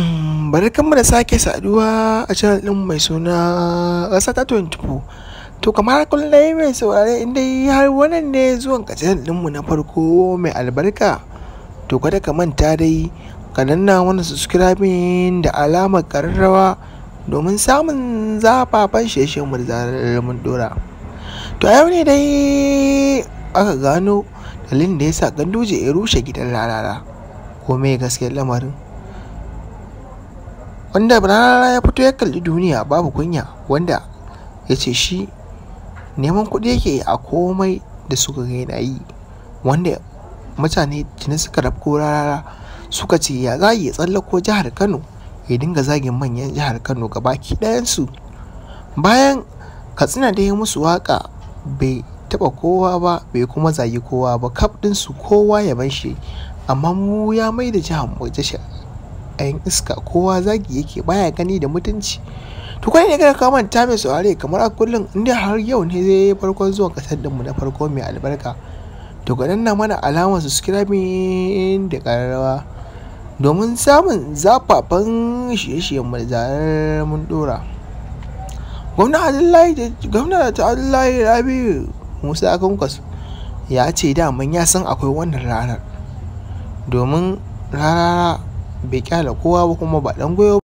Mm, barkanmu da sake saduwa a channel din mai suna kasa ta 24 to kamar kullum mai saurare inda har wannan ne zuwan ka channel ɗinmu na farko mai albarka to kada ka manta dai ka danna wani subscribing da alamar ƙararrawa domin samun zafafan sheshen mu da mun dora to a yau ne dai aka gano dalilin da yasa ganduje ya rushe gidan lalala, ko mai gaskiyar lamarin wanda rana ya fito ya kalli duniya babu kunya wanda ya ce shi neman kuɗi yake a komai da suka yana yi wanda mutane tuni suka rafko rara suka ce ya zagi ya tsallako jihar kano ya dinga zagin manyan jihar kano gabaki ɗayansu bayan katsina da ya musu waka bai taba kowa ba bai kuma zagi kowa ba kaf ɗinsu kowa ya ban shi amma mu ya mai da jihar mu 'yan iska kowa zagi yake baya gani da mutunci to kai ne kada ka manta mai saurare kamar a kullum inda har yau ne zai farkon zuwa kasar mu na farko mai albarka to ga nan mana alamar subscribing da kararrawa domin samun zafafan shirye-shiryen mu da zarar mun dora gwamna ta Abdullahi Rabi Musa Kankwas ya ce daman ya san akwai wannan ranar domin rarara bai kyala kowa ba kuma ba ɗan goyo